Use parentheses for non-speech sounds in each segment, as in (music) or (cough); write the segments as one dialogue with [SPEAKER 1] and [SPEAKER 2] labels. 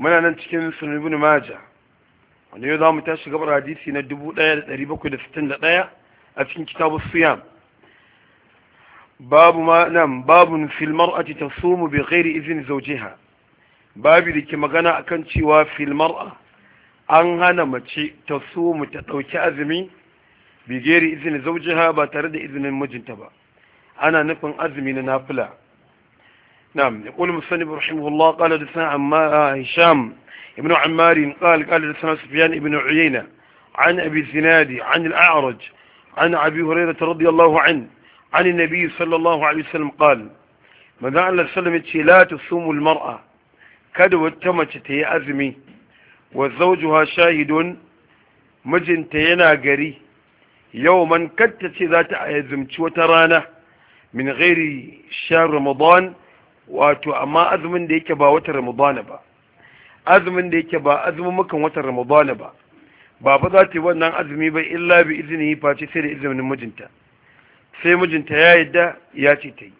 [SPEAKER 1] muna nan cikin sunan ibn maja wanda yau za mu tashi gabar hadisi na 1761 a cikin kitabu siyam babu ma nan babun fil mar'ati tasumu bi ghairi izin zawjiha babu da ke magana akan cewa filmar mar'a an hana mace tasumu ta dauki azumi bi ghairi izin zawjiha ba tare da izinin mijinta ba ana nufin azumi na nafila نعم يقول المسلم رحمه الله قال حدثنا عما آه، هشام ابن عمار قال قال حدثنا سفيان ابن عيينة عن أبي زنادي عن الأعرج عن أبي هريرة رضي الله عنه عن النبي صلى الله عليه وسلم قال ماذا الله سلم لا تصوم المرأة كد wata هي ta وزوجها شاهد مجن تينا قري يوما كدت gari yau وترانا من غير شهر رمضان wato amma azumin da yake ba watan ramadana ba azumin da yake ba azumin mukan watan ramadana ba ba fa za ta yi wannan azumi ba illa bi izini face sai da izinin mijinta sai mijinta ya yadda ya ce ta yi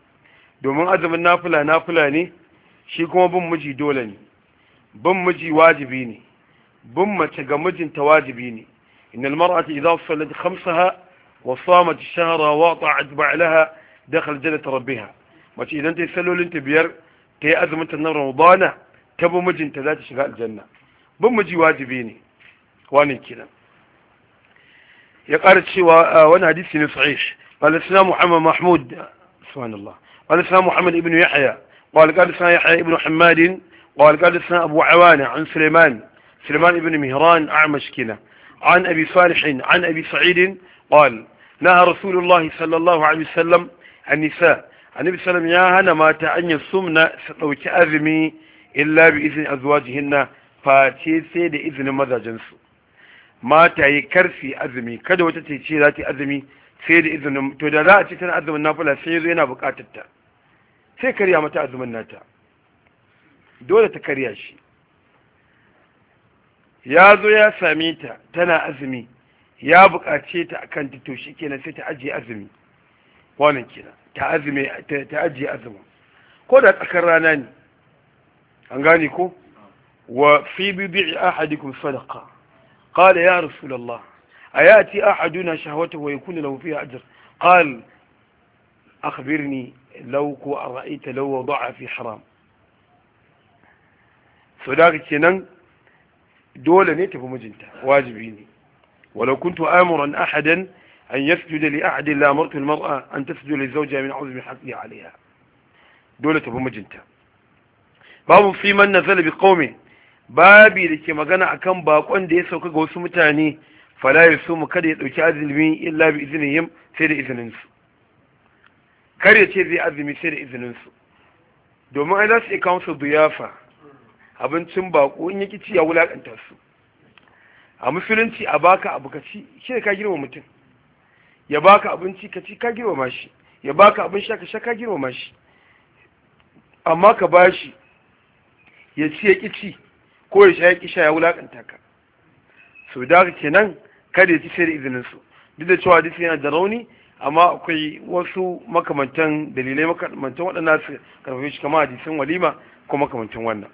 [SPEAKER 1] domin azumin nafula nafula ne shi kuma bin miji dole ne bin miji wajibi ne bin mace ga mijinta wajibi ne innal mar'ati idza sallat khamsaha wa samat shahra wa ta'at ba'laha dakhal jannata rabbiha mace idan ta yi sallolinta biyar ta yi azuminta na ramadana ta bi mijinta za ta shiga aljanna bin miji wajibi ne wani kenan ya ƙara cewa wani hadisi ne sa'ish قال سنا محمد محمود سبحان الله قال سنا محمد ابن يحيى قال قال سنا يحيى ابن حماد قال قال سنا أبو عوانة عن سليمان سليمان ابن مهران أعمش كنا عن أبي صالح عن أبي سعيد قال نهى رسول الله صلى الله عليه وسلم النساء annabi sallam ya hana mata an yi sumna su ɗauki azumi illa bi izini azwajihinna face sai da izinin mazajensu mata yi karfi azumi kada wata ce ce za ta yi azumi sai da izinin to da za a ce tana azumin nafila sai yazo yana buƙatar ta sai karya mata azumin nata dole ta karya shi ya zo ya same ta tana azumi ya buƙace ta akan ta to shikenan sai ta ajiye azumi wannan kenan ta azumi ajiye azumin ko da tsakar rana ne an gani ko wa fi bibi'i ahadikum sadaqa qala ya rasulullah ayati ahaduna shahwatahu wa yakunu lahu fiha ajr qala akhbirni law ku ara'aita law wada'a fi haram so kenan dole ne tafi mijinta wajibi ne walau kuntu amuran ahadan أن يسجد لأحد لا مرت المرأة أن تسجد لزوجها من عظم حقها عليها دولة أبو مجنتا باب في من نزل بقومه babi da ke magana kan bakon da ya sauka ga wasu mutane fala ya so mu kada ya dauki azumi illa bi sai da izinin su kar ya ce zai azumi sai da izinin su domin ai za su iya kawo su duyafa abincin bako in yaki ci ya wulakanta su a musulunci a baka abu ka ci shi ka girma mutum ya baka abinci ka ci ka girmama shi ya baka abin sha ka sha ka girmama shi amma ka bashi ya ci ya ci ko ya sha ya kisha ya wulakanta ka sau da haka kenan kada ya ci sai da izinin su duk da cewa duk yana da rauni amma akwai wasu makamantan dalilai makamantan waɗanda su karfafe shi kama hadisin walima ko makamantan wannan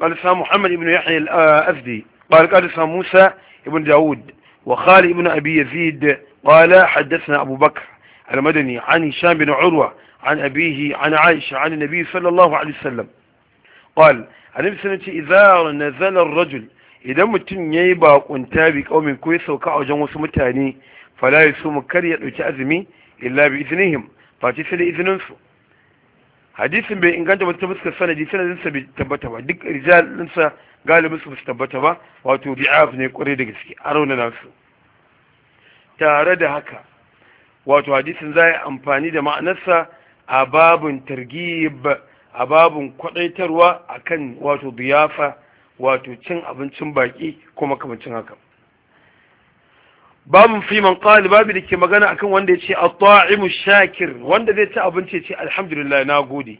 [SPEAKER 1] قال سام محمد بن يحيى الأفدي قال قال سام موسى بن داود وخالد بن أبي يزيد قال حدثنا أبو بكر المدني عن هشام بن عروة عن أبيه عن عائشة عن النبي صلى الله عليه وسلم قال النبي صلى إذا نزل الرجل idan mutum ya yi bakon tabi kaumin ko ya sauka a wajen wasu mutane fala ya mu kar ya ɗauki azumi illa bi iznihim face sai da izinin su hadisin bai inganta ba ta fuskar sanadi sanadin bai tabbata duk rijalin galibin su ba su tabbata ba wato bi'af ne kwarai da gaske a raunana nasu. tare da haka wato hadisin za a amfani da ma'anarsa a babun targib a babun kwadaitarwa akan wato biyafa wato cin abincin baki ko makamancin haka Babu fi man qali babu da ke magana akan wanda yace ce at-ta'imu shakir wanda zai ci abinci yace ce alhamdulillah na gode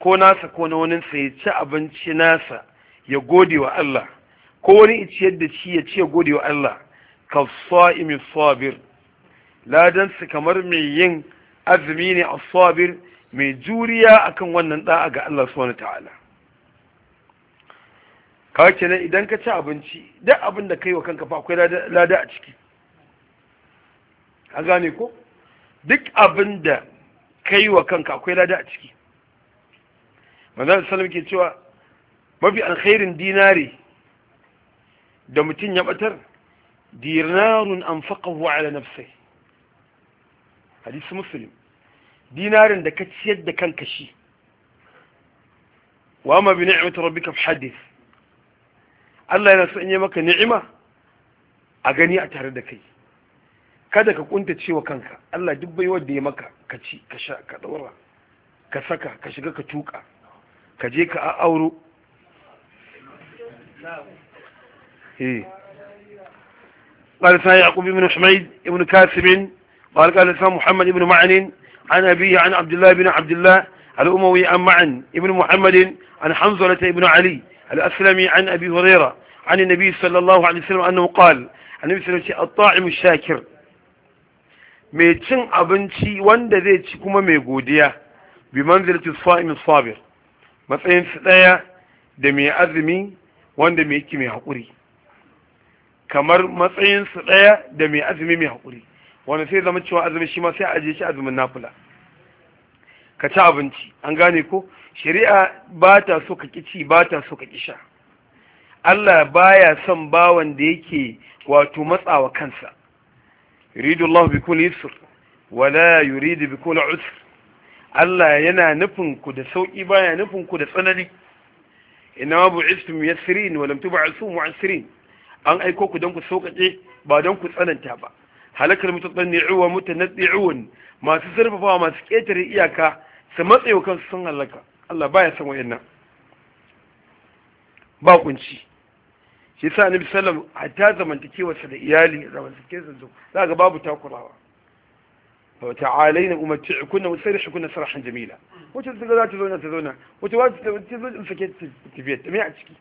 [SPEAKER 1] ko nasa ko na wani sa ya ci abinci nasa ya gode wa Allah ko wani ya ciyar da shi ya ya gode wa Allah kafsa'imi sabir ladan su kamar mai yin azumi ne a sabir mai juriya akan wannan da'a ga Allah subhanahu ta'ala kawai ne idan ka ci abinci duk abin da kai wa kanka fa akwai lada a ciki a gane ko duk abin da kai wa kanka akwai lada a ciki manzan salam ke cewa mafi alkhairin dinari da mutum ya batar dinarun anfaqahu ala nafsihi hadisi muslim dinarin da ka ciyar da kanka shi wa ma bi ni'mati rabbika fi hadith Allah yana sanye maka ni'ima a gani a tare da kai kada ka kunta cewa kanka Allah duk baiwar da ya maka ka ci ka sha ka daura ka saka ka shiga ka tuka ka je ka auro قال لسان يعقوب بن حميد بن كاسب قال قال لسان محمد بن معن عن أبيه عن عبد الله بن عبد الله الأموي عن معن بن محمد عن حنظلة بن علي الأسلمي عن أبي هريرة عن النبي صلى الله عليه وسلم أنه قال النبي صلى الله عليه وسلم الطاعم الشاكر mai cin abinci wanda zai ci kuma mai godiya bi manzilatul sa'im sabir matsayin su daya da mai azumi wanda mai yake mai hakuri kamar matsayinsu ɗaya da mai azumi mai hakuri wanda sai zama cewa azumi shi ma sai a ajiye shi azumin nafila ka ci abinci an gane ko shari'a ba ta so ka ki ba ta so ka kisha. Allah baya son bawan da yake wato matsawa kansa yuridu Allah bi kulli yusr wa la yuridu bi kulli usr Allah yana nufin ku da sauki baya nufin ku da tsanani inna bu'istum yusrin wa lam tub'asum mu'asirin an aiko ku don ku sauƙaƙe ba don ku tsananta ba halakar mutatsanni'u wa mutanaddi'un masu zurfafawa masu ƙetare iyaka su matse wa kansu sun halaka Allah baya san wayannan ba kunci shi sa annabi sallam hatta zamantakewarsa da iyali zamantakewarsa da za ga babu takurawa wa ta'alaina umatti'ukunna wasarihukunna sarahan jamila wace ta za ta zauna ta zauna wace ta ta sake tafiyar ta me a ciki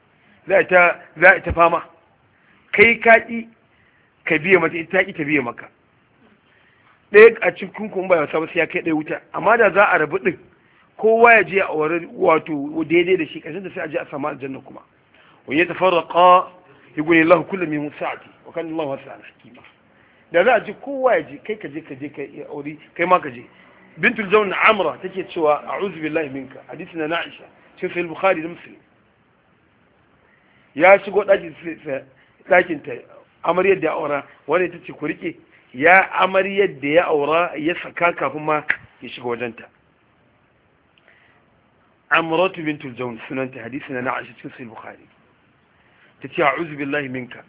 [SPEAKER 1] za ta za ta fama kai ka ka biya mata ita ƙi ta biya maka ɗaya a cikin kuma bai wasa ba sai ya kai ɗaya wuta amma da za a rabu ɗin kowa ya je a wurin wato daidai da shi ƙarshen da sai a je a samu aljanna kuma wa ya tafarraqa yuguni Allah kullu min sa'ati wa kana Allahu wasi'an hakima da za a ji kowa ya je kai ka je ka je kai aure kai ma ka je bintul zaun amra take cewa a'udhu billahi minka hadisi na Aisha cikin sahih Bukhari da Muslim ya shigo ɗakin sai ɗakin ta amaryar da ya aura wanda ta ce ku rike ya amaryar da ya aura ya saka kafin ma ya shiga wajenta amratu bintul jawn sunanta hadisi na na'ashi cikin sahih bukhari ce a'udhu billahi minka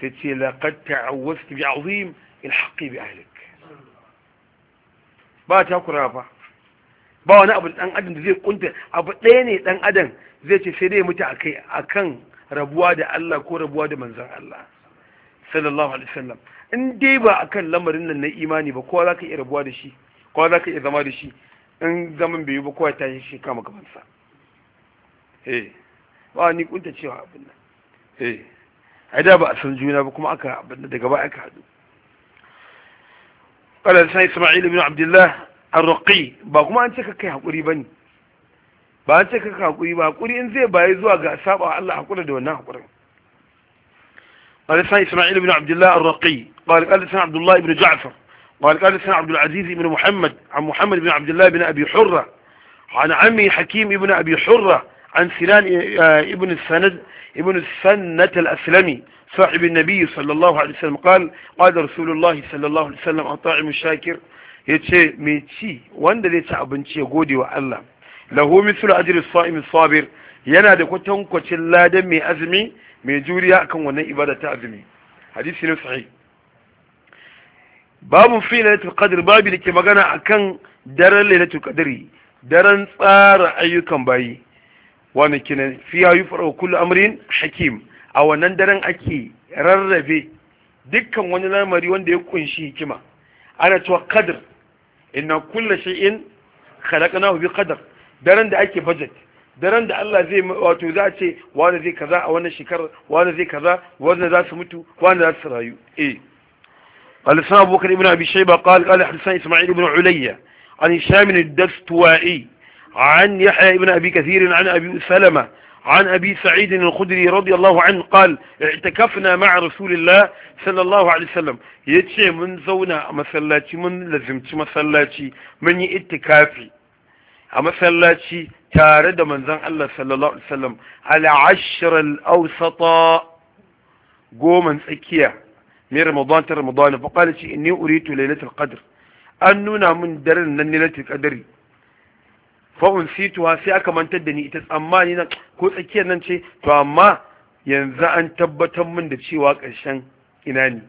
[SPEAKER 1] Ta ce laqad azim il haqqi bi ahlik ba ta kura fa ba wani abu dan adam da zai kunta abu ɗaya ne dan adam zai ce sai dai mutu akai akan rabuwa da Allah ko rabuwa da manzan Allah sallallahu alaihi wasallam in dai ba akan lamarin nan na imani ba kowa zaka iya rabuwa da shi kowa zaka iya zama da shi in zaman bai yi ba kowa ta yi shi kama gaban sa eh ba ni kunta cewa abin nan eh ai da ba a san juna ba kuma aka abin daga baya aka hadu قال sai isma'il ibn abdullah ar-raqi ba kuma an ce ka kai hakuri bane ba an ce ka hakuri ba hakuri in zai bayi zuwa ga saba wa Allah hakura da wannan hakurin قال سنة إسماعيل بن عبد الله الرقي قال قال سنة عبد الله بن جعفر قال قال سنة عبد العزيز بن محمد عن محمد بن عبد الله بن أبي حرة عن عمي حكيم ابن أبي حرة عن سنان ابن السند ابن السنة الأسلمي صاحب النبي صلى الله عليه وسلم قال قال رسول الله صلى الله عليه وسلم الطاعم الشاكر yace mai ci wanda zai ci abinci ya gode wa Allah lahu mislu ajri as-sa'im sabir yana da kwatankwacin ladan mai azumi mai juriya akan wannan ibada ta azumi hadisi ne sahih babu fi lailatul qadr babu dake magana akan daren lailatul qadri daren tsara ayyukan bayi wani kinan fiya yufra kullu amrin hakim a wannan daren ake rarrabe dukkan wani lamari wanda ya kunshi hikima ana cewa qadr inna kullu shay'in khalaqnahu bi qadr daren da ake budget daren da Allah zai wato za ce wani zai kaza a wannan shekarar wani zai kaza wani za su mutu wani za su rayu eh قال سنا أبو بكر بن أبي qala قال قال حدثنا إسماعيل بن علية عن هشام الدستوائي عن يحيى بن أبي كثير عن أبي سلمة عن أبي سعيد الخدري رضي الله عنه قال اعتكفنا مع رسول الله صلى الله عليه وسلم يتشي من زونا مسلاتي من لزمت مسلاتي من اتكافي a masallaci tare da manzon Allah sallallahu alaihi wasallam al-ashr al-awsata goman tsakiya min ramadan ta ramadan fa qala shi inni uritu lailatul qadr an nuna mun daren nan lailatul qadri fa wa sai aka mantar da ni ita tsammani nan, ko tsakiyar nan ce to amma yanzu an tabbatar min da cewa karshen ina ne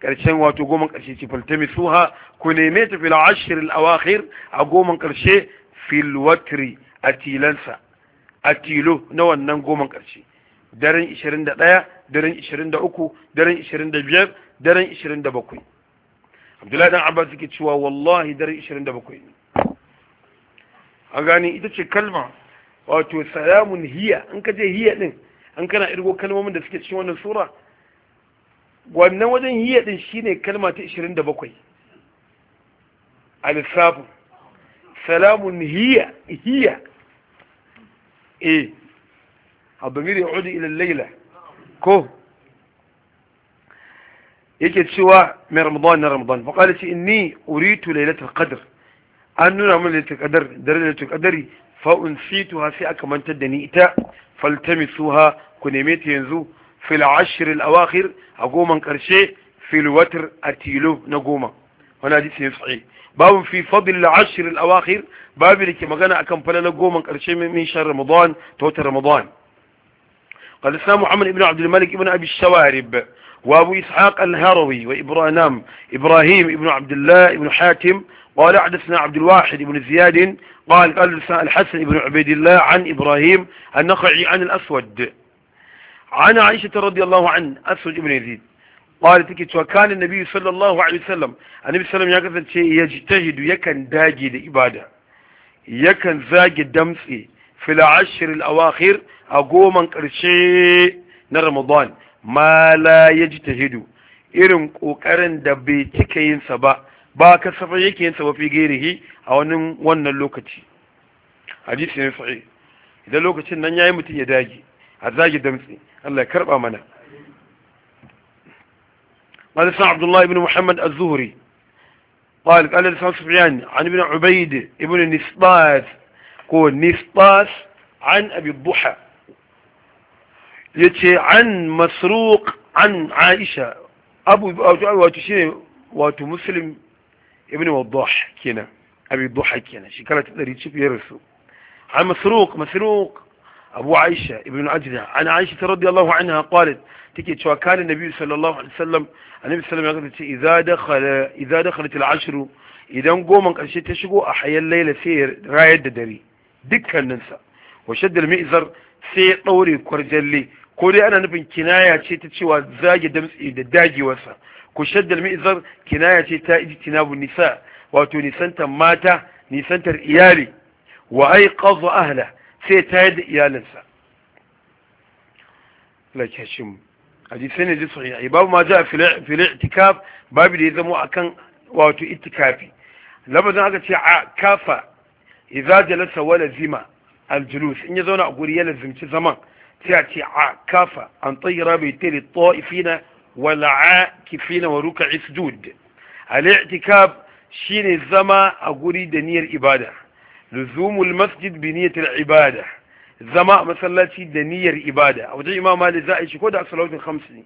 [SPEAKER 1] karshen wato goman karshe ce fal tamisuha ku neme ta fil ashr al-awakhir a goma karshe. fil watri a tilansa a tilo na wannan goman ƙarshe daren 21 daren 23 daren 25 daren 27 abdullahi dan abbas yake cewa wallahi daren 27 ne a gani ita ce kalma wato salamun hiya in ka je hiya din an kana irgo kalmomin da suke cikin wannan sura wannan wajen hiya din shine kalma ta 27 a lissafin salamun hiya hiya e abdomiri udi ila laila ko yake cewa mai ramadan na ramadan ba kwalisi in ni uritu lailatul qadr an nuna mana lailatul qadr da lailatul qadri fa unsitu ha sai aka mantar da ni ita faltamisuha ku neme ta yanzu fil ashr al a goma karshe fil a tilo na goma wani hadisi ne sahi babu fi fadl al-ashr al-awakhir babu da ke magana akan falalar goman karshe min shar ramadan ta wata ramadan قال الإسلام محمد بن عبد الملك بن أبي الشوارب وأبو إسحاق الهروي وإبراهيم إبراهيم بن عبد الله بن حاتم قال حدثنا عبد الواحد بن زياد قال قال الحسن بن عبيد الله عن إبراهيم النخعي عن الأسود عن عائشة رضي الله عنه أسود بن يزيد qala take cewa kanin nabi sallallahu alaihi wasallam annabi sallam ya kasance ya yajtahidu yakan dage da ibada yakan zage damtse fil ashr al awakhir a goman karshe na ramadan ma la yajtahidu irin kokarin da bai cika yin sa ba ba kasafin yake yin sa ba fi gairihi a wani wannan lokaci hadisi ne sahih idan lokacin nan yayi mutum ya dage a zage damtse Allah ya karba mana حدثنا عبد الله بن محمد الزهري قال قال لسان سفيان عن ابن عبيد ابن نسطاس قول نسطاس عن أبي الضحى يتشي عن مسروق عن عائشة أبو واتشيني واتو مسلم ابن وضح كنا أبي الضحى كنا تقدر يتشي في يرسو عن مسروق مسروق abu aisha ibn ajda an aisha ta radiyallahu anha qalat take cewa kana nabi sallallahu alaihi wasallam annabi sallallahu alaihi wasallam ya ce idza dakhala idza dakhalat al-ashr idan goman karshe ta shigo a hayan laila sai rayar da dare dukkanin sa wa shaddal mi'zar sai ya daure kwarjalle ko dai ana nufin kinaya ce ta cewa zage damtsi da dagewarsa ku shaddal mi'zar kinaya ce ta ijtinabu nisa wato nisantar mata nisantar iyali wa aiqadhu ahla sai tayar da iyalinsa lakashin hadisai ne da sahihi babu ma a fil i'tikaf babu da ya zamo akan wato itikafi labazin aka ce a kafa idza jalasa wala zima aljulus in ya zauna a guri ya lazimci zaman sai a ce a kafa an tsayyara bai tere ta'ifina wala akifina wa ruka isjud al-i'tikaf shine zama a guri da niyyar ibada لزوم المسجد بنية العبادة زماء مثلا شيء دنيا العبادة أو جاي إمام مالي زائي شيء كودا الصلاة الخمسة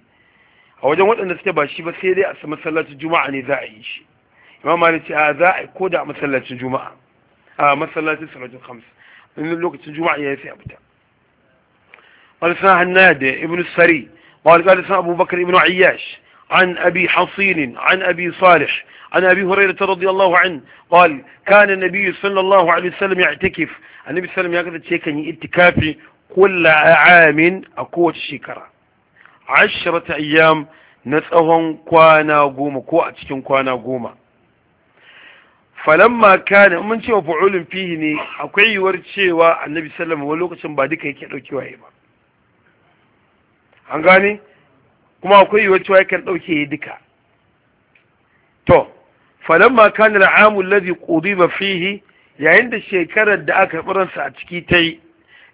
[SPEAKER 1] أو جاي مثلا نستبع شيء بس هي دي مثلا الجمعة أني شيء ما مالي شيء آه زائي كودا مثلا الجمعة آه مثلا الصلاة الخمسة من الوقت الجمعة يا سيابتا قال سنة هنادي ابن السري قال قال سنة أبو بكر ابن عياش عن أبي حصين عن أبي صالح عن أبي هريرة رضي الله عنه قال كان النبي صلى الله عليه وسلم يعتكف النبي صلى الله عليه وسلم يقول اتكافي كل عام أقوة الشكرة عشرة أيام نسأهم كوانا قوم كوة كوانا قوم فلما كان من cewa علم فيه ني أقعي ورد شيء annabi صلى الله عليه وسلم lokacin ba duka yake daukewa ba kuma akwai wacce cewa yakan ɗauke ya duka to falamma kana al'amu alladhi qudiba fihi yayin da shekarar da aka baransa a ciki ta yi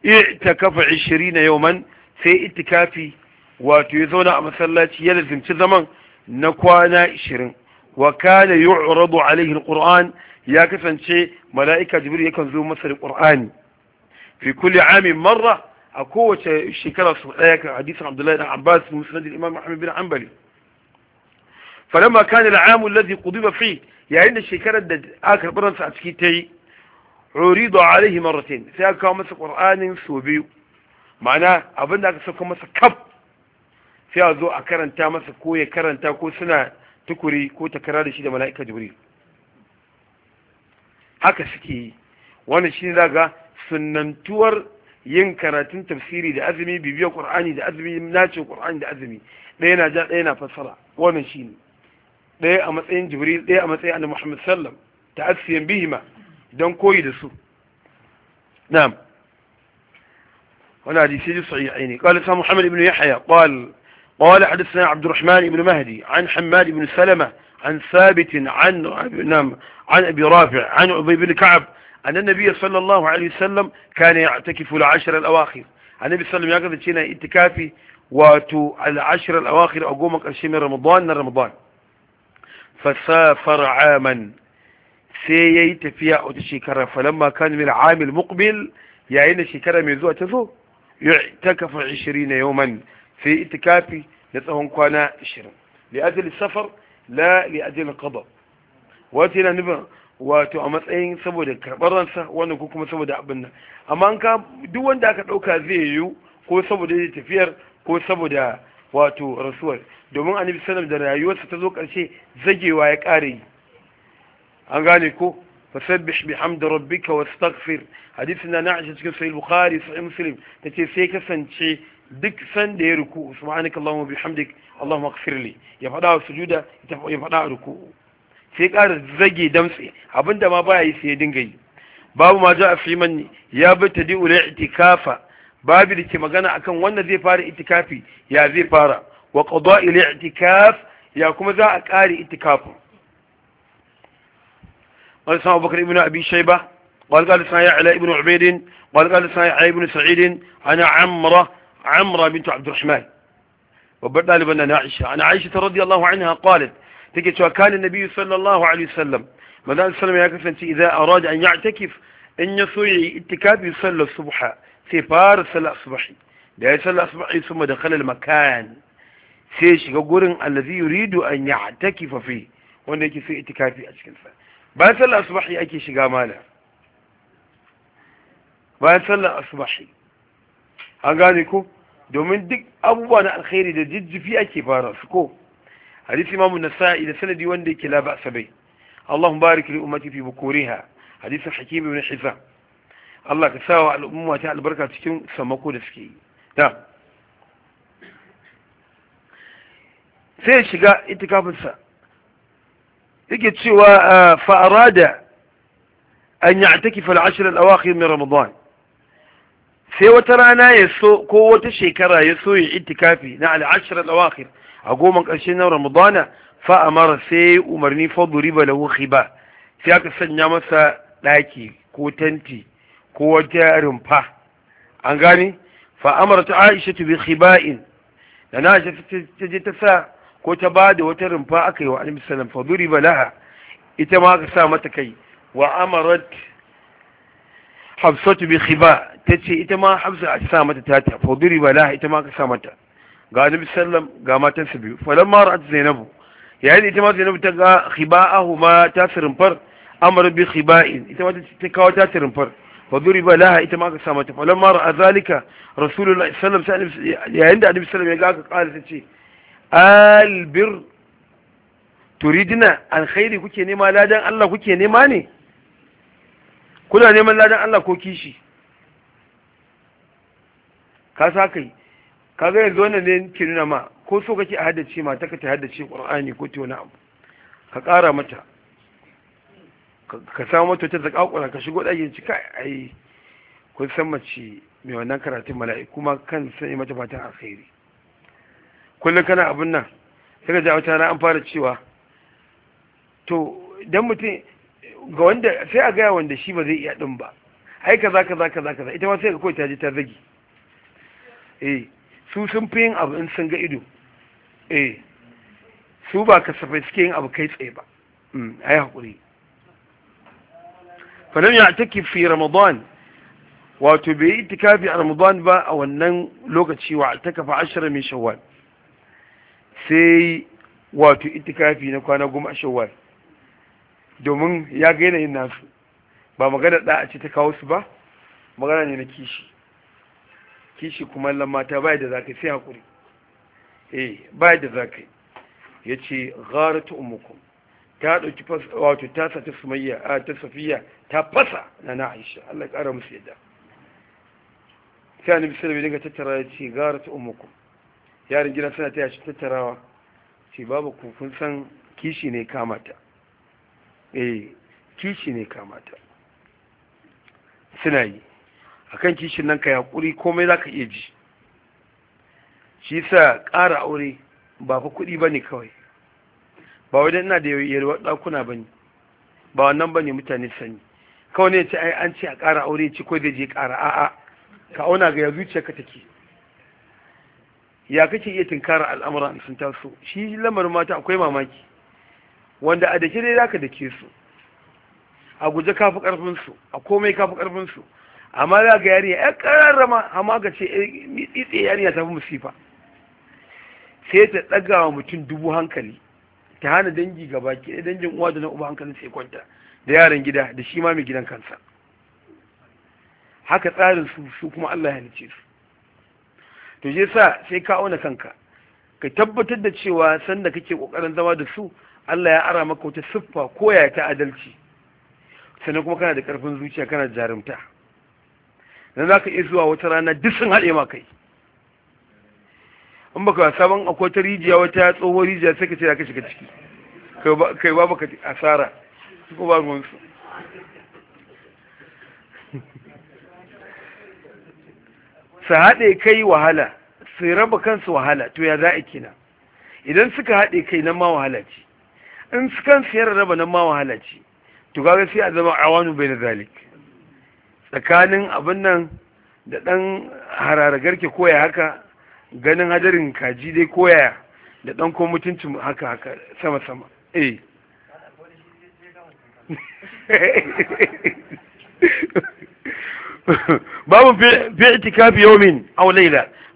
[SPEAKER 1] itakafa 20 yawman sai itikafi wato ya zauna a masallaci ya lazimci zaman na kwana 20 wa kana yu'radu alaihi alquran ya kasance mala'ika jibril yakan zo masa da qur'ani fi kulli amin marra a kowace shekara su ɗaya kan hadisin abdullahi dan abbas musnadin imam ahmad bin hanbali falamma kana al'amu alladhi qudiba fi yayin da shekarar da aka karɓar a ciki ta yi uridu alaihi maratin sai aka kawo masa qur'anin so biyu ma'ana abinda aka sauka masa kaf sai a zo a karanta masa ko ya karanta ko suna tukuri ko takara da shi da mala'ika jibril haka suke yi wannan shi ne daga sunantuwar yin karatun tafsiri da azumi bibiyar qur'ani da azumi nace qur'ani da azumi ɗaya na ja ɗaya na fassara wannan shine ɗaya a matsayin jibril ɗaya a matsayin annabi muhammad sallam ta'assiyan bihima dan koyi da su na'am wannan hadisi ji sahih aini qala sa muhammad ibn yahya qala qala حدثنا عبد الرحمن بن مهدي عن حماد بن سلمة عن ثابت عن عن أبي رافع عن أبي بن كعب أن النبي صلى الله عليه وسلم كان يعتكف العشر الأواخر النبي صلى الله عليه وسلم يقضي اتكافي واتو العشر الأواخر أقوم أرشي من رمضان من رمضان فسافر عاما سيي تفيا وتشكر فلما كان من العام المقبل يعين شكرا من ذو تفو يعتكف عشرين يوما في اتكافي نتهم كوانا عشرين لأجل السفر لا لأجل القضاء واتنا نبقى wato a matsayin saboda karɓar ransa wannan ko kuma saboda abin nan amma an ka duk wanda aka ɗauka zai yiwu ko saboda yi tafiyar ko saboda wato rasuwar domin annabi sanar da rayuwarsa ta zo ƙarshe zagewa ya ƙare yi an gane ko fasabbih bihamdi rabbika takfir hadisi na na aisha cikin sahih bukhari sahih muslim ce sai kasance duk sanda ya ruku subhanakallahumma bihamdik allahumma ighfirli ya faɗa wa sujuda ya faɗa a ruku'u sai ƙara zage damtse abinda ma baya yi sai ya dinga yi babu ma ja a ya bi ta di ula itikafa babu da ke magana akan wanda zai fara itikafi ya zai fara wa qada ila itikaf ya kuma za a ƙare itikafin قال سمع أبو بكر ابن أبي شيبة قال قال سمع على ابن عبيد قال قال سمع على ابن سعيد أنا عمرة عمرة بنت عبد الرحمن وبدأ لبنا عائشة عن عائشة رضي الله عنها take cewa kana nabi sallallahu alaihi wasallam manzo sallallahu ya kasance idza arada an ya'takif in ya so yayi itikafi sallar subha sai fara sallar subhi da ya sallar subhi kuma da khalal makan sai shiga gurin allazi yuridu an ya'takifa fi wanda yake so itikafi a cikin sa bayan sallar subhi ake shiga mala bayan sallar subhi an gane ko domin duk abubuwa na alkhairi da jijjifi ake fara su ko hadisi imamu nasa'i da sanadi wanda yake la ba'sa bai Allahumma barik li ummati fi bukuriha hadisi hakim ibn hizam Allah ka sa wa al'umma ta albarka cikin samako da suke yi da sai ya shiga itikafin sa yake cewa fa arada an ya'takif al-ashr al-awakhir min ramadan sai wata rana ya so ko wata shekara ya so ya itikafi na al-ashr al-awakhir a goman ƙarshe na ramadana fa amara sai umarni fadu riba lahu khiba sai aka sanya masa ɗaki ko tanti ko wata rumfa an gane fa amara ta aisha bi khiba'in da na aisha ta je ta sa ko ta ba da wata rumfa aka yi wa annabi sallam fa duriba laha ita ma aka sa mata kai wa amarat hafsatu bi khiba ce ita ma hafsa a sa mata ta ta fa duriba laha ita ma aka sa mata ga annabi sallam ga matansa biyu falamma ra'at zainabu yayin ita ma zainabu ta ga khiba'ahu ma ta sirinfar amara bi khiba'in ita ma ta kawo ta sirinfar fa duriba laha ita ma aka sa mata falamma ra'a zalika rasulullahi sallam yayin da annabi sallam ya ga aka kala tace albir turidina alkhairi kuke nema ladan Allah kuke nema ne kuna neman ladan Allah ko kishi ka sa kai kaga yanzu wannan ne ke nuna ma ko so kake a haddace ma ka ta haddace qur'ani ko ta wani abu ka ƙara mata ka samu mata ta zakakura ka shigo dakin ci kai ai kun san mace mai wannan karatun mala'i kuma kan sani mata fatan alkhairi kullum kana abin nan sai ka wata na an fara cewa to dan mutum ga wanda sai a gaya wanda shi ba zai iya din ba ai kaza kaza kaza kaza ita ma sai ka koyi ta je ta zagi eh su sun fi yin abu in sun ga ido eh su ba kasafai suke yin abu kai tsaye ba hmm, a yi haƙuri falam ya take fi ramadan wato bai yi itikafi a ramadan ba a wannan lokaci wa ta kafa ashirar mai shawwal sai wato itikafi na kwana goma a shawwal domin ya ga yanayin nasu ba magana da a ce ta kawo su ba magana ne na kishi kishi kuma lamata bai da zaka sai hakuri eh bai da zaka yace gharat ummukum ta dauki wato ta sace sumayya a ta safiya ta fasa na na aisha Allah ya kara musu yadda sai annabi sallallahu alaihi wasallam ya tattara yace gharatu ummukum yarin gidan suna taya shi tattarawa ce babu ku kun san kishi ne kamata eh kishi ne kamata suna yi akan kishin nan ka kuri komai za ka iya ji shi sa ƙara aure ba fa kuɗi ba ne kawai ba dan ina da yarwa ɗakuna ba ne ba wannan ba ne mutane sani kawai ne ce ai an ce a ƙara aure ce ko zai je ƙara a'a ka auna ga ya ka take ya kake iya tinkara al'amura sun taso shi lamarin mata akwai mamaki wanda a dake dai zaka dake su a guje kafi karfin su a komai kafi karfin su amma za ga yariya ya kararrama amma ka ce eh, itse yarinya ta fi musifa sai ta ɗaga wa mutum dubu hankali ta hana dangi gaba ɗaya dangin uwa da na uba hankalin sai kwanta da yaran gida da shi ma mai gidan kansa haka tsarin su su kuma Allah ya halice su to je sa sai ka auna kanka ka tabbatar da cewa sanda kake kokarin zama da su Allah ya ara maka wata siffa koyaya ta adalci sannan kuma kana da karfin zuciya kana jarumta za ka iya zuwa wata rana duk sun haɗe ma kai in baka sabon akwai ta rijiya wata tsohuwar rijiya sai ka ce ka shiga ciki kai ba baka asara ko ba ruwan su (laughs) su haɗe kai wahala su raba kansu wahala to ya za a kina idan suka haɗe kai nan ma wahala ce in su kansu ya raba nan ma wahala ce to kaga sai a zama awanu bai da zalik tsakanin abin nan da ɗan hararagarke koya haka ganin hadarin kaji dai koya da ɗan ko mutuncin haka haka sama-sama eh babu fi itikafi yawmin aw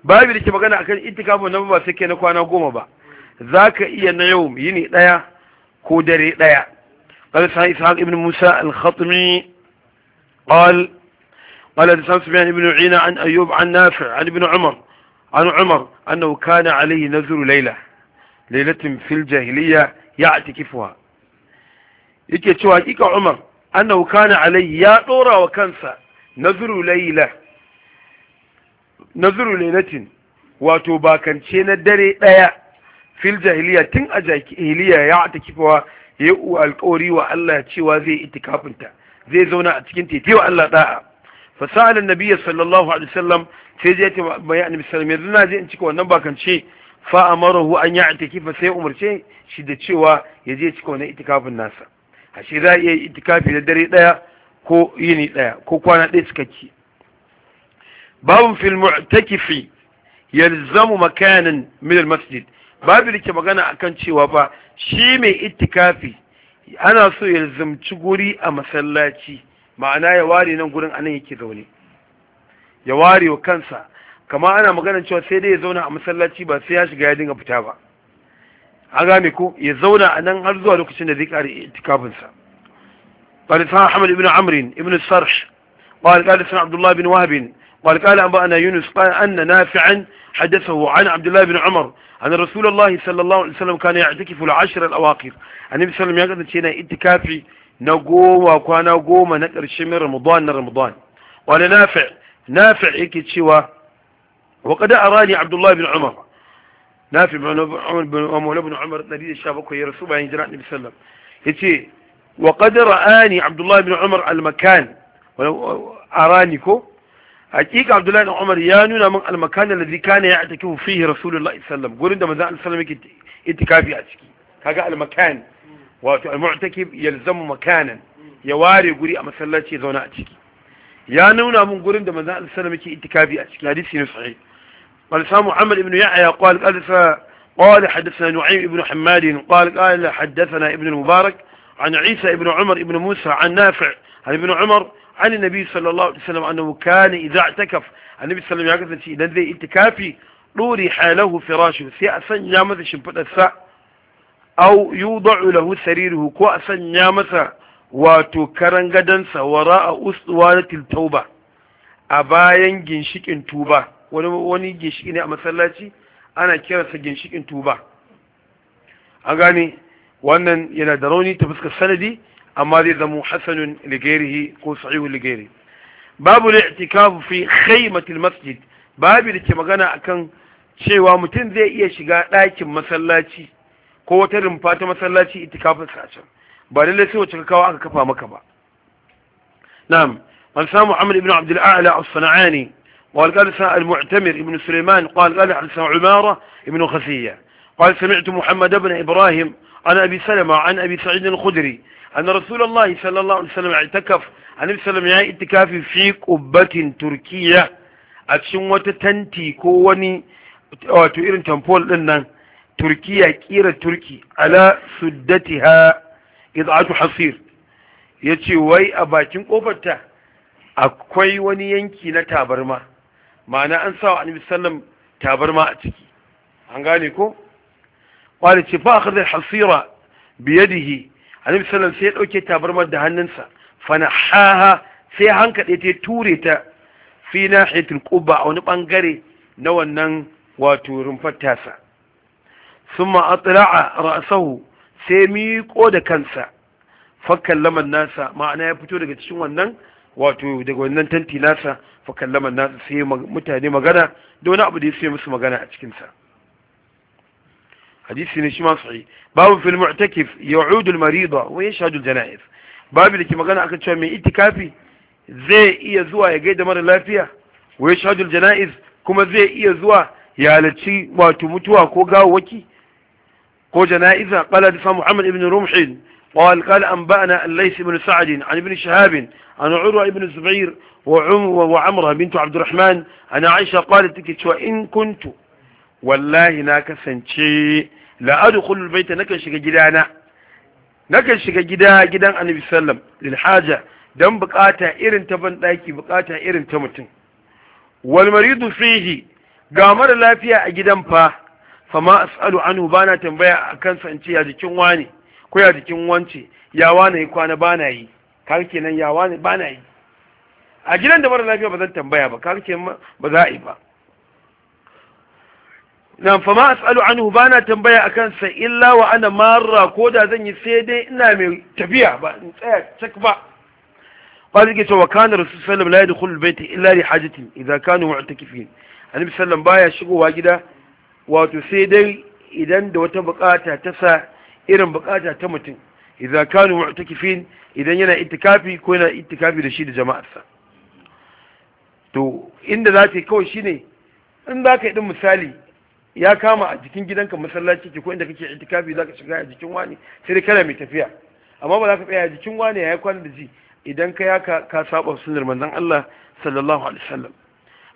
[SPEAKER 1] babu da ke magana akan itikafi nan ba sai ke na kwana goma ba za ka iya na yau yini ɗaya ko dare ɗaya, قال سعيد Musa al موسى al قال قال حدثنا سفيان بن عيينة عن أيوب عن نافع عن ابن عمر عن عمر أنه كان عليه نذر ليلة ليلة في الجاهلية يعتكفها yake cewa kika Umar annahu kana alai ya dora wa kansa nazru layla laylatin wato bakance na dare ɗaya fil jahiliya tun a jahiliya ya ta kifawa ya alƙawari wa Allah cewa zai itikafinta zai zauna a cikin tete wa Allah da'a fasa'ala nabiyyi sallallahu alaihi wasallam sai zai ta mai annabi sallallahu alaihi wasallam je in cika wannan bakance fa amaruhu an ya'tiki fa sai umarce shi da cewa ya je cika wannan itikafin nasa ashe za iya itikafi da dare daya ko yini daya ko kwana daya cikakke babu fil mu'takifi yalzamu makanan min al masjid babu rike magana akan cewa ba shi mai itikafi ana so ya zamci guri a masallaci ma'ana ya ware nan gurin anan yake zaune ya ware wa kansa kama ana maganin cewa sai dai ya zauna a masallaci ba sai ya shiga ya dinga fita ba a game ya zauna a nan har zuwa lokacin da zai kare itikafinsa ɓarin sa hamad ibn amrin ibn sarsh ɓarin ƙarfi sun abdullah bin wahabin yunus ɓarin an na nafi'an haddasa wa an abdullah umar an rasulullahi sallallahu alaihi wasallam kana ya ajiki fula ashirar awakir an ibi sallam ya kasance na itikafi na goma kwana goma na ƙarshe min ramadan na ramadan wani nafi nafi yake cewa wa kada arani abdullahi bin umar nafi maula bin umar da 117 ya rasu bayan jira nabi sallam ya ce wa kada ra'ani abdullahi bin umar al-makan arani ko hakika abdullahi bin umar ya nuna min almakan da zai kana ya ataki fihi rasulullahi sallam gurin da manzan alisallam yake itikafi a ciki kaga almakan wato al-mu'takib yalzamu makanan ya ware guri a masallaci ya zauna a ciki ya nuna mun gurin da manzo Allah sallallahu alaihi itikafi a cikin hadisi ne قال محمد بن يحيى قال قال قال حدثنا نعيم بن حماد قال قال حدثنا ابن المبارك عن عيسى بن عمر بن موسى عن نافع عن ابن عمر عن النبي صلى الله عليه وسلم أنه كان إذا اعتكف النبي صلى الله عليه وسلم يعتكف إذا انتكافي روري حاله فراشه سيأسن يامذ شمبت الساء au yudau lahu sariruhu ko a sanya masa wato karan gadansa wara a na tiltauba a bayan ginshikin tuba wani wani ginshiki ne a masallaci ana kiransa ginshikin tuba A gane wannan yana da rauni ta fuskar sanadi amma zai zama hasanun ligairihi ko sahihu ligairi babu itikafu fi khaymatil masjid babu da ke magana akan cewa mutum zai iya shiga ɗakin masallaci ko wata rumfa ta masallaci itikafin sa a can ba lallai sai wacce kawo aka kafa maka ba na'am an samu amr ibn abdul a'la as-sana'ani وقال قال المعتمر ابن سليمان قال قال حدثنا عمارة ابن خسية قال سمعت محمد بن إبراهيم عن أبي سلمة عن أبي سعيد الخدري أن رسول الله صلى الله عليه وسلم اعتكف عن أبي سلمة يعني اتكاف في قبة تركية أتشن وتتنتي كوني وتؤير تنبول لنا turkiya kira turki ala suddatiha izatu hasir ya ce wai a bakin kofarta akwai wani yanki na tabarma ma'ana an sa wa sallam tabarma a ciki an gane ko wani ce fa akhadha hasira bi yadihi annabi sallam sai ya dauke tabarmar da hannunsa fanahaha sai hankade ta ture ta fi nahiyatul quba a wani bangare na wannan wato rumfar tasa ثم أطلع رأسه سيميقو دا كنسا فكلم الناس معنى fito daga cikin wannan wato daga wannan tanti nasa fakallama nasa sai mutane magana da wani abu da ya sai musu magana a cikin sa hadisi ne shi ma sahi babu fil mu'takif ya al marida wa yashhadu al janaiz babu da ke magana akan cewa mai itikafi zai iya zuwa ya gaida mara lafiya wa yashhadu al janaiz kuma zai iya zuwa ya halarci wato mutuwa ko gawo waki. هو جنائزة قال دفاع محمد بن رمح قال قال أنبأنا الليث بن سعد عن ابن شهاب عن عروة بن الزبير وعمرة بنت عبد الرحمن عن عائشة قالت لك وإن كنت والله ناك سنشي لا أدخل البيت نكشك جدانا نكشك شك جدا جدا النبي صلى الله عليه وسلم للحاجة دم بقاتا إرن تبن دايكي بقاتا إرن تمتن والمريض فيه قامر لا فيها أجدن فاه fama as'alu anhu bana tambaya akan sa ce ya jikin wani ko ya jikin wance ya wani yi kwana bana yi kar kenan ya wani bana yi a gidan da mara lafiya ba zan tambaya ba kar kenan ba za a yi ba nan fama as'alu anhu bana tambaya akan sa illa wa ana marra ko da zan yi sai dai ina mai tafiya ba in tsaya cik ba ba zai ce wa kana rasul sallallahu alaihi wasallam la yadkhulu albayta illa li hajatin idza kanu mu'takifin annabi sallallahu baya shigowa gida wato sai dai idan da wata bukata ta sa irin bukata ta mutum idan kanu mu'takifin idan yana itikafi ko yana itikafi da shi da jama'arsa to inda za ta yi kawai shine in za ka yi din misali ya kama a jikin gidanka masallaci ke ko inda kake itikafi za ka shiga a jikin wani sai dai kana mai tafiya amma ba za ka tsaya a jikin wani ya yi kwana da ji idan ka ya ka saba sunnar manzon Allah sallallahu alaihi wasallam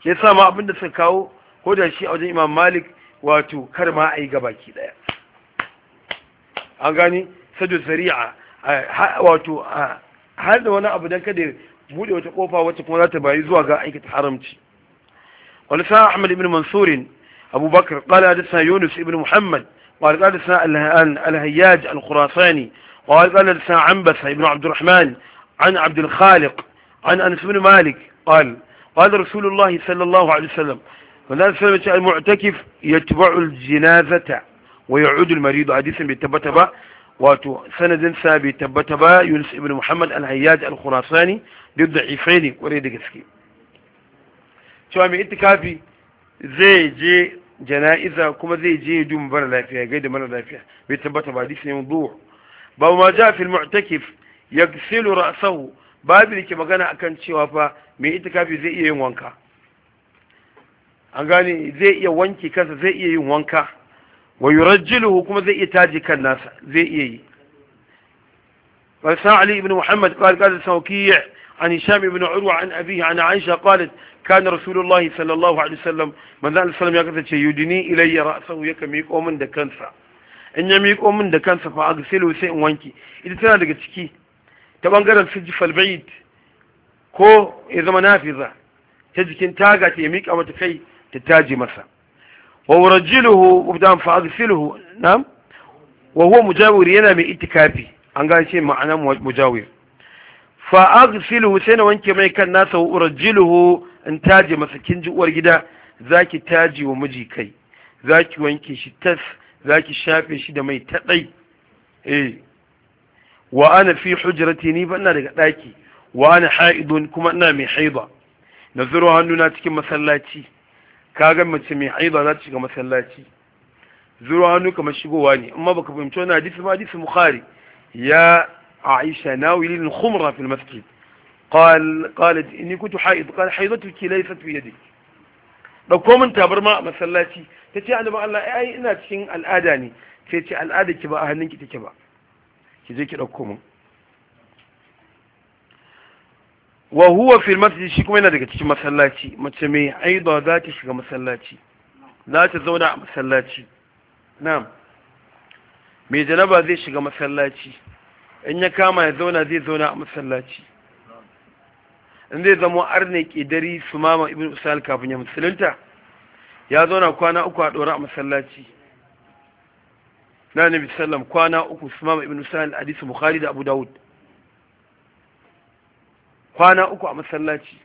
[SPEAKER 1] sai sa ma abinda suka kawo ko da shi a wajen Imam Malik wato kar ma a yi gabaki daya an gani sadu zari'a wato har da wani abu don kada bude wata kofa wacce kuma za ta bayi zuwa ga aikata haramci wani sa ahmad ibn mansurin abubakar qala hadathana yunus ibn muhammad wa qala hadathana al-hayyaj al-khurasani wa qala hadathana anbas ibn abd الرحمن عن عبد الخالق عن انس بن مالك قال قال رسول الله صلى الله عليه وسلم manzan sallallahu alaihi al-mu'takif yatba'u al-janazata wa ya'udu al-marid hadisin bai tabbata wato sanadin sa bai tabbata ba Yunus ibn Muhammad alhayyadi hayyaj al-Khurasani duk da ifaini kware da gaske cewa mai itikafi zai je jana'iza kuma zai je dum mara lafiya gaida mara lafiya bai tabbata ba hadisin yawdu ba ma ja fi al-mu'takif ra'sahu babu da ke magana akan cewa fa mai itikafi zai iya yin wanka an gane zai iya wanki kansa zai iya yin wanka wa yurajjiluhu kuma zai iya taji kan nasa zai iya yi wa san ali ibn muhammad qala qala sawkiya an isham ibn urwa an abihi an aisha qalat kana rasulullahi sallallahu alaihi wasallam manzo allah sallam ya kace yudini ilayya ra'sahu yaka miko min da kansa in ya miko min da kansa fa agsilu sai in wanki idan tana daga ciki ta bangaren sijfal bayt ko ya zama nafiza ta jikin taga ta ya miƙa mata kai ta taji masa wa wurajjiluhu ubdan fa aghsiluhu na'am yana mai itikafi an ga ce ma'ana sai na wanke mai kan nasa wa urajjiluhu in taji masa kin ji uwar gida zaki taji wa miji kai zaki wanke shi tas zaki shafe shi da mai tadai eh wa ana fi hujrati ni ina daga daki wa'ana ana haidun kuma ina mai haida hannu na cikin masallaci ga mace mai haiba za ta shiga masallaci zuwa hannu kamar shigowa ne amma baka fahimci wani hadisi ma hadisi bukhari ya aisha nawili al-khumra fi al-masjid قال قالت إني كنت حائض قال حيضتك ليست في يدك ɗauko min tabarma a masallaci tace ce annabi Allah ai ina cikin al'ada ne sai ce al'ada ki ba a hannunki take ba ki je ki ɗauko min wa huwa fil masjid shi kuma yana daga cikin masallaci mace mai aida za ta shiga masallaci za ta zauna a masallaci na'am mai janaba zai shiga masallaci in ya kama ya zauna zai zauna a masallaci in zai zama arne kidari su mama ibn usal kafin ya musulunta ya zauna kwana uku a dora a masallaci na nabi sallam kwana uku su mama ibn usal hadisi bukhari da abu dawud kwana uku a masallaci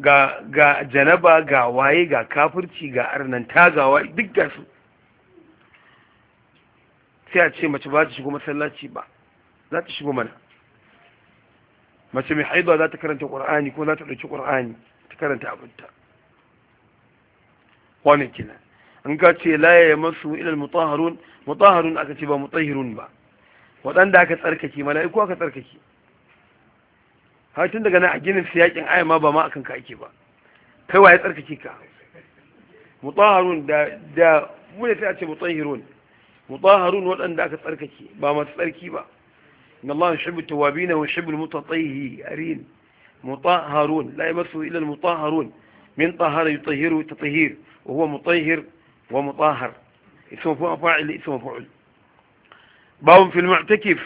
[SPEAKER 1] ga ga janaba ga waye ga kafirci ga arnan, tagawa duk ga su sai a ce mace ba ta shigo masallaci ba za ta shigo mana mace mai haidu za ta karanta ƙur'ani ko za ta ɗauki ƙur'ani ta karanta abinta wannan kina an ka ce laye ya masu ilal mutaharun mutaharun aka ce ba mutahirun ba waɗanda aka tsarkake mala'iku aka tsarkake har tun daga na a ginin siyakin ayyar ma ba ma akan ka ake ba kai wa ya tsarkake ka mutaharun da da ta ce mutaharun mutaharun waɗanda aka tsarkake ba masu tsarki ba inna Allah yuhibbu at-tawwabin wa yuhibbu al-mutatahhirin mutaharun la yi masu al mutaharun min tahara yutahhiru tatahhir wa huwa mutahhir wa mutahhar ismu fa'il babun fil mu'takif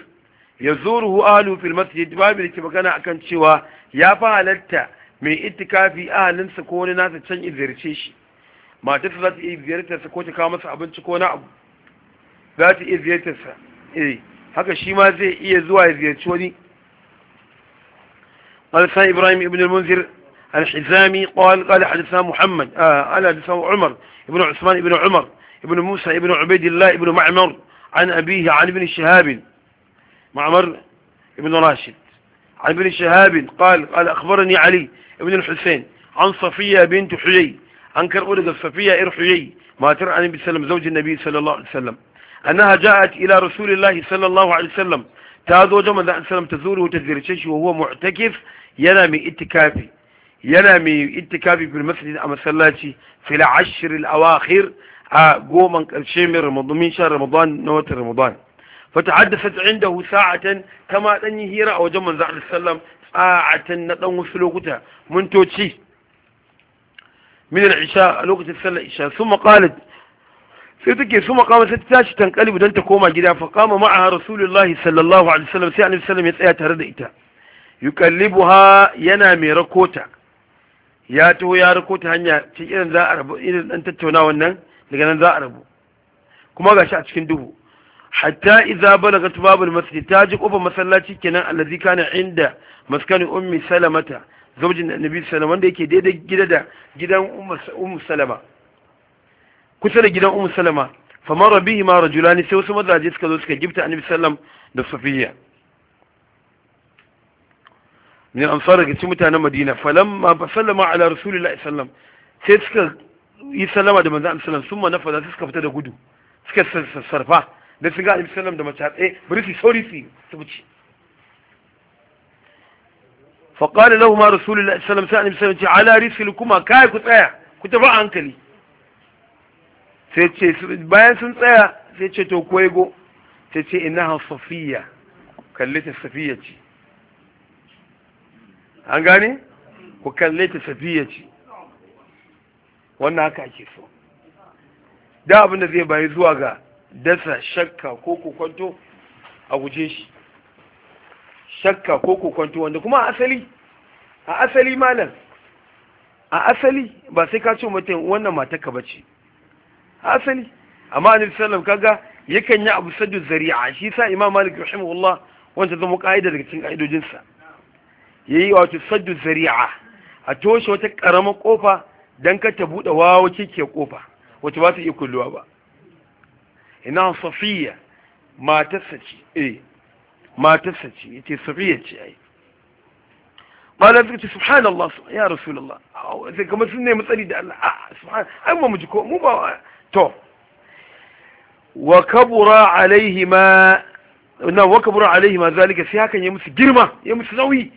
[SPEAKER 1] yazuruhu ahlu fil masjid babu da ke magana akan cewa ya fa halatta mai itikafi ahalinsa ko wani nasa can izirce shi matar za ta iya ziyartarsa ko ta kawo masa abinci ko na abu za ta iya ziyartarsa eh haka shi ma zai iya zuwa ya ziyarci wani قال سان إبراهيم ابن المنذر الحزامي قال قال حدثنا محمد قال حدثنا عمر ابن عثمان ابن عمر ابن موسى ابن عبيد الله ابن معمر عن أبيه عن ابن شهاب معمر بن راشد عن ابن شهاب قال قال أخبرني علي بن الحسين عن صفية بنت حيي عن كرؤولة صفية إر حجي ما ترى عن ابن سلم زوج النبي صلى الله عليه وسلم أنها جاءت إلى رسول الله صلى الله عليه وسلم تاذو جمع ذا عليه تزوره وتزيرشش وهو معتكف ينامي اتكافي ينامي اتكافي في المسجد أما سلاتي في العشر الأواخر آه، قوما الشمر رمضان من شهر رمضان نوة رمضان فتحدثت عنده ساعة كما أن هيرا أو جمع زعل السلام ساعة نتنو سلوكتها من توتشي من العشاء لوقت السلة عشاء ثم قالت سيتكي ثم قام ستتاشي تنقلب دان تقوم جدا فقام معها رسول الله صلى الله عليه وسلم سيعني السلام يسأيها ترد إتا يكلبها ينامي ركوتا ya taho ya rako ta hanya ce irin za a rabu irin dan tattauna wannan daga nan za a rabu hatta idza balagat babul masjid ta ji kofar masallaci kenan allazi kana inda maskani ummi salamata zaujin annabi sallallahu wanda yake daidai gida da gidan ummu salama kusa da gidan ummu salama fa mara bihi ma rajulani sai wasu mazaje suka zo suka gifta annabi sallam da safiya min ansar ga mutanen madina falamma fa sallama ala rasulillahi sallam sai suka yi salama da manzon sallam summa nafaza suka fita da gudu suka sassarfa da su ga alisalam da mace bari su sauri su su wuce fa qala lahu ma rasulullahi sallallahu alaihi wasallam sai ala risil kuma kai ku tsaya ku tafi hankali sai ce bayan sun tsaya sai ce to koyego sai ce ina innaha safiya kalli ta safiya ce an gane ku kalli ta safiya ce wannan haka ake so da abin da zai bayi zuwa ga dasa shakka ko kokwanto a guje shi shakka ko kokwanto wanda kuma a asali a asali malam a asali ba sai ka ce mutum wannan mata ba ce a asali amma annabi sallam kaga yakan yi abu sadu zari'a shi sa imam malik rahimahullah wanda zama ka'ida daga cikin sa yayi wato sadu zari'a a toshe wata karamar kofa dan ka ta bude wawo kike kofa wato ba ta iya kulluwa ba ina safiya matarsa ce eh matarsa ce yace safiya ce ai malam suka ce subhanallah ya rasulullah sai kamar sun nemi tsari da Allah a subhan ai mu ji ko mu ba to wa kabura alaihima na wa kabura alaihima zalika sai hakan ya musu girma ya musu nauyi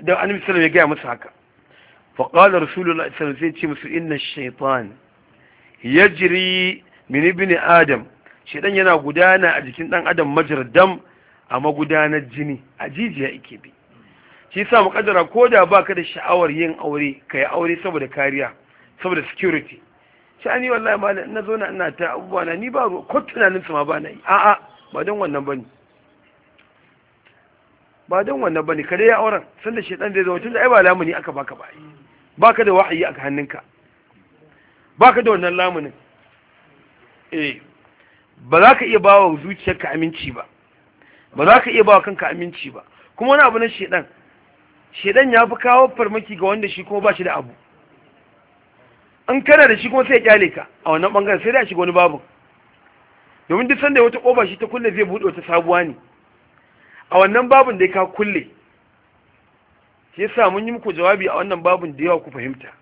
[SPEAKER 1] da annabi sallallahu alaihi wasallam ya ga musu haka fa qala rasulullah sallallahu alaihi wasallam sai ce musu inna ash-shaytan yajri min ibn adam shedan yana gudana a jikin dan adam majardam a magudanar jini a jijiya yake bi shi sa mukaddara koda baka da sha'awar yin aure kai aure saboda kariya saboda security ani wallahi malam na zo na ina ta abubuwa na ni ba ko tunanin su ma ba na yi a'a ba don wannan bane ba don wannan bane kare ya auren sanda shedan zai zama tunda ai ba lamuni aka baka ba baka da wahayi aka hannunka baka da wannan lamunin eh ba za ka iya ba wa zuciyarka aminci ba ba za ka iya ba wa kanka aminci ba kuma wani abu na shedan shedan ya fi kawo farmaki ga wanda shi kuma ba shi da abu an kana da shi kuma sai ya kyale ka a wannan bangaren sai a shiga wani babu domin duk sanda wata kofa shi ta kulle zai buɗe wata sabuwa ne a wannan babun da ya ka kulle shi yasa mun yi muku jawabi a wannan babun da yawa ku fahimta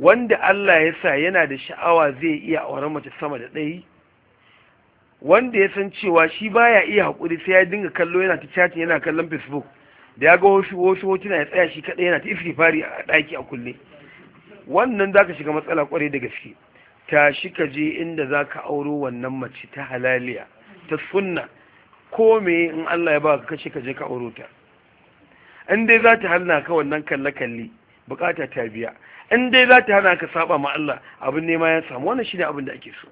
[SPEAKER 1] wanda Allah ya sa yana da sha'awa zai iya auren mace sama da ɗaya wanda ya san cewa shi baya iya haƙuri sai ya dinga kallo yana ta chatin yana kallon facebook da ya ga wasu wasu hotuna ya tsaya shi kaɗai yana ta istighfari a ɗaki a kulle wannan zaka shiga matsala kwarai da gaske tashi ka je inda zaka auro wannan mace ta halaliya ta sunna ko me in Allah ya baka kashe ka je ka auro ta in dai za ta halna ka wannan kalle kalle bukata ta biya in dai za ta hana ka saba ma Allah abin nema ya samu wannan shine abin da ake so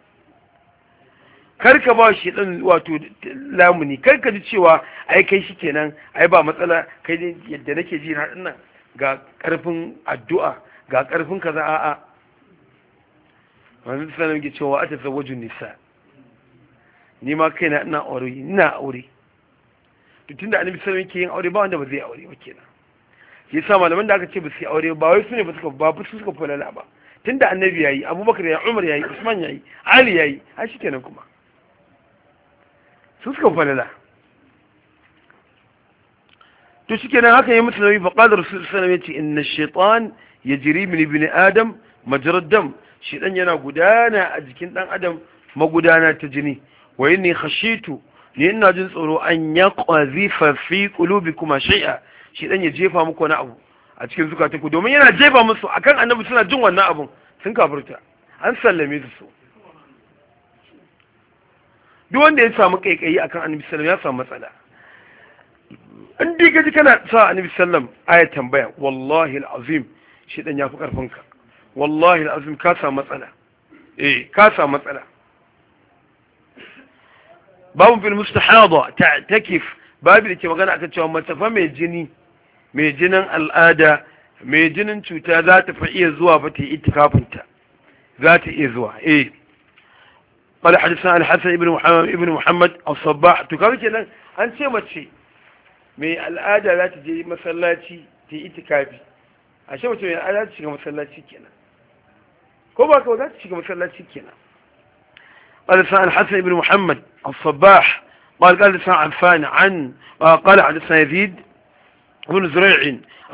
[SPEAKER 1] karka ba shi dan wato lamuni karka ji cewa ai kai shi kenan ai ba matsala kai yadda nake ji na nan ga karfin addu'a ga karfin kaza a'a wannan sanin ki cewa ata zawaju nisa ni ma kaina ina aure ina aure tunda annabi sallallahu alaihi wasallam yake yin aure ba wanda ba zai aure ba kenan shi sa malaman da aka ce ba su yi aure ba wai su ne ba suka ba su suka falala ba tunda annabi yayi abubakar yi umar yayi usman yayi ali yayi a shi kenan kuma su suka falala to shi kenan haka ya mutu nabi faqala rasul sallallahu alaihi ce inna shaytan yajri min ibn adam majrad dam shaytan yana gudana a jikin dan adam magudana ta jini wa inni khashitu ni ina jin tsoro an yaqazifa fi kuma shay'a shi dan ya jefa muku wani abu a cikin zukatanku domin yana jefa musu akan annabi suna jin wannan abun sun kafirta an sallame su su duk wanda ya samu kaikayi akan annabi sallam ya samu matsala in dai kaji kana sa annabi sallam aya tambaya wallahi alazim shi dan yafi karfin ka wallahi alazim ka samu matsala eh ka samu matsala babu fil mustahada ta'takif babu da ke magana akan cewa fa mai jini mai jinin al'ada mai jinin cuta za ta fa iya zuwa ba ta yi itikafinta za ta iya zuwa eh قال حدثنا الحسن ابن محمد ابن محمد الصباح تكاوي kenan an ce mace mai al'ada za ta je masallaci ta yi itikafi ashe mace mai al'ada ta shiga masallaci kenan ko ba ka za ta shiga masallaci kenan قال حدثنا الحسن ابن محمد الصباح قال قال حدثنا عفان عن قال حدثنا يزيد بن زريع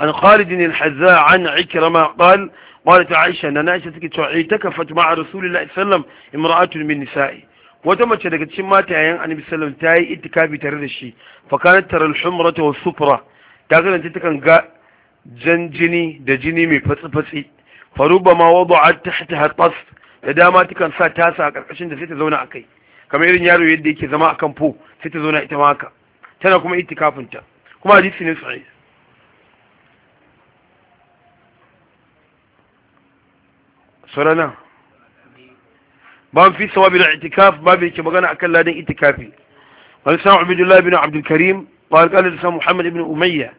[SPEAKER 1] عن خالد الحذاء عن عكرمة قال قالت عائشة أن عائشة اعتكفت مع رسول الله صلى الله عليه وسلم امرأة من نسائه wata mace daga cikin matayen annabi sallam ta yi itikafi tare da shi fakanat taral humrata wa sufra ta kasance ta kan ga jan jini da jini mai fatsi-fatsi faruba ma wada'at tahta hatas da dama ta kan sa tasa a karkashin da sai ta zauna akai kamar irin yaro yadda yake zama kan fo sai ta zauna ita tana kuma kuma ne سرنا باب في ثواب الاعتكاف باب في بغانا اكل لدي اتكافي قال سمع عبد الله بن عبد الكريم قال قال لسان محمد بن أمية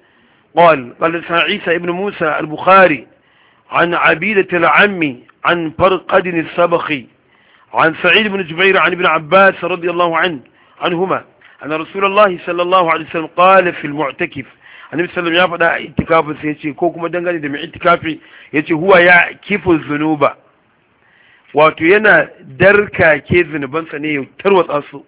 [SPEAKER 1] قال قال لسان عيسى بن موسى البخاري عن عبيدة العمي عن فرقد السبخي عن سعيد بن جبير عن ابن عباس رضي الله عنه عنهما أن رسول الله صلى الله عليه وسلم قال في المعتكف أن النبي صلى الله عليه وسلم يفعل اعتكاف سيتي كوكما دنغاني دم اعتكافي يتي هو يعكف الذنوب wato yana darkake zunubansa ne ya tarwatsa su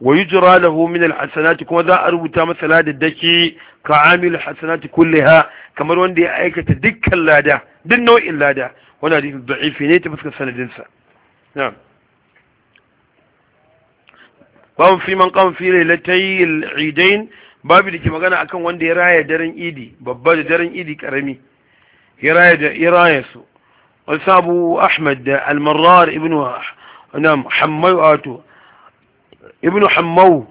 [SPEAKER 1] wa yujra lahu min alhasanati kuma za a rubuta masa ladaddaki ka amil hasanati kulliha kamar wanda ya aikata dukkan lada duk nau'in lada wani hadisi da'ifi ne ta fuskar sanadinsa na'am babu fi man qam fi lailatay al-eidain babu dake magana akan wanda ya raya daren idi babba da daren idi karami ya raya da ya raya su قلت أحمد المرار ابن نعم حمو آتو ابن حمو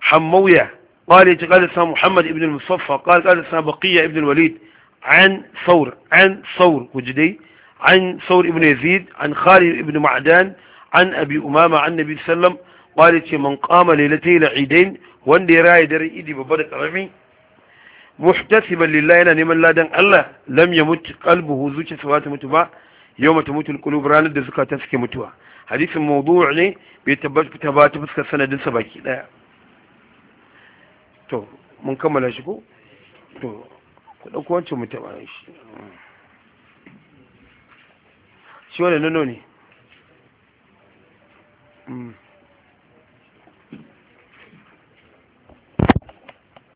[SPEAKER 1] حموية قال قال اسمه محمد ابن المصفى قال قال اسمه بقية ابن الوليد عن ثور عن ثور وجدي عن ثور ابن يزيد عن خالد ابن معدان عن أبي أمامة عن النبي صلى الله عليه وسلم قالت من قام ليلتين عيدين وان دي راي دري ايدي ببرك رمي muhtasiban lillahi yana neman ladan Allah lam yamut qalbuhu zuciyarsa ba ta mutu ba yawma mutu qulub ranar da suka ta suke mutuwa hadisin mawdu' ne bai tabbata ba ta fuskar sanadin sa baki daya to mun kammala shi ko to ku dauko wancan mutu ba shi shi wannan nono ne mm